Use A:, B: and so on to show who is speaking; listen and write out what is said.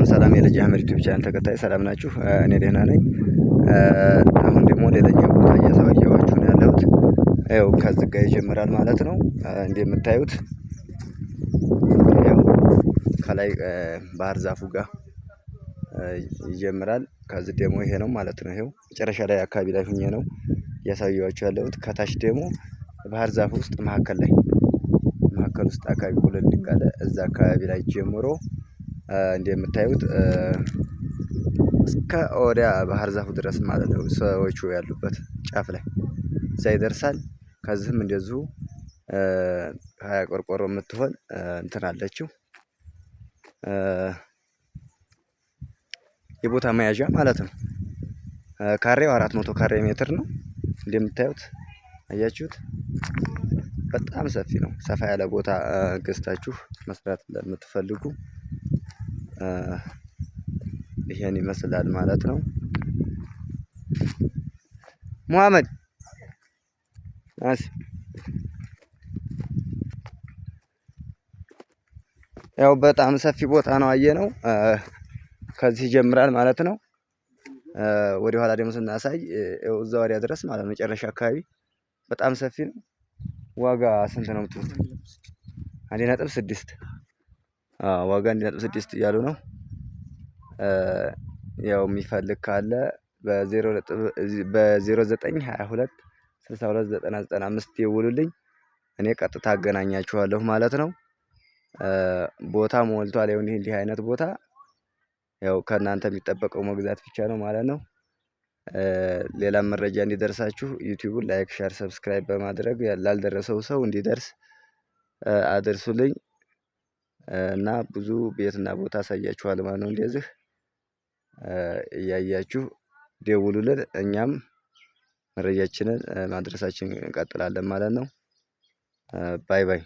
A: ሰላም ሰላም የልጅ አህመድ ዩቲዩብ ቻናል ተከታይ ሰላም ናችሁ? እኔ ደህና ነኝ። አሁን ደግሞ ሌላኛው ቦታ እያሳየኋችሁ ነው ያለሁት። ያው ከዚህ ጋር ይጀምራል ማለት ነው። እንደምታዩት ያው ከላይ ባህር ዛፉ ጋር ይጀምራል። ከዚህ ደግሞ ይሄ ነው ማለት ነው። ይሄው መጨረሻ ላይ አካባቢ ላይ ሁኜ ነው እያሳየኋችሁ ያለሁት። ከታች ደግሞ ባህር ዛፍ ውስጥ መካከል ላይ መካከል ውስጥ አካባቢ ሁለት እዛ አካባቢ ላይ ጀምሮ እንደምታዩት እስከ ወዲያ ባህር ዛፉ ድረስ ማለት ነው። ሰዎቹ ያሉበት ጫፍ ላይ እዛ ይደርሳል። ከዚህም እንደዚሁ ሀያ ቆርቆሮ የምትሆን እንትን አለችው የቦታ መያዣ ማለት ነው። ካሬው አራት መቶ ካሬ ሜትር ነው እንደምታዩት አያችሁት። በጣም ሰፊ ነው። ሰፋ ያለ ቦታ ገዝታችሁ መስራት ለምትፈልጉ ይሄን ይመስላል ማለት ነው። ሙሐመድ ያው በጣም ሰፊ ቦታ ነው ነው ከዚህ ይጀምራል ማለት ነው። ወደ ኋላ ደግሞ ስናሳይ ያው እዛ ወዲያ ድረስ ማለት ነው። መጨረሻ አካባቢ በጣም ሰፊ ነው። ዋጋ ስንት ነው የምትሉት? አንድ ነጥብ ስድስት ዋጋ አንድ ነጥብ ስድስት እያሉ ነው። ያው የሚፈልግ ካለ በዜሮ በዜሮ ዘጠኝ ሃያ ሁለት ስልሳ ሁለት ዘጠና ዘጠና አምስት እኔ ቀጥታ አገናኛችኋለሁ ማለት ነው። ቦታ ሞልቷል ይኸው እንዲህ አይነት ቦታ ያው ከእናንተ የሚጠበቀው መግዛት ብቻ ነው ማለት ነው። ሌላ መረጃ እንዲደርሳችሁ ዩቲዩቡን ላይክ ሼር ሰብስክራይብ በማድረግ ላልደረሰው ሰው እንዲደርስ አድርሱልኝ እና ብዙ ቤትና ቦታ አሳያችኋል ማለት ነው። እንደዚህ እያያችሁ ደውሉልን እኛም መረጃችንን ማድረሳችን እንቀጥላለን ማለት ነው። ባይ ባይ